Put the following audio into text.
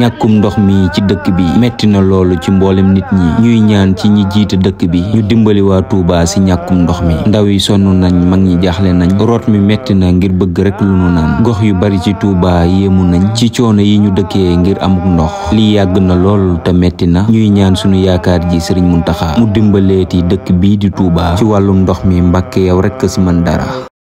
ñàkkum ndox mi ci dëkk bi metti na loolu ci mboolem nit ñi ñuy ñaan ci ñi jiite dëkk bi ñu dimbali waa Touba si ñàkkum ndox mi ndaw yi sonn nañ mag ñi jaaxle nañ root mi metti na ngir bëgg rek lu nu naan gox yu bari ci Touba yéemu nañ ci coono yi ñu dëkkee ngir amuk ndox lii yàgg na lool te metti na ñuy ñaan sunu yaakaar ji Sëriñ Muntaxa mu dimbaleeti dëkk bii di Touba ci wàllum ndox mi Mbàkke yow rekk ci mën dara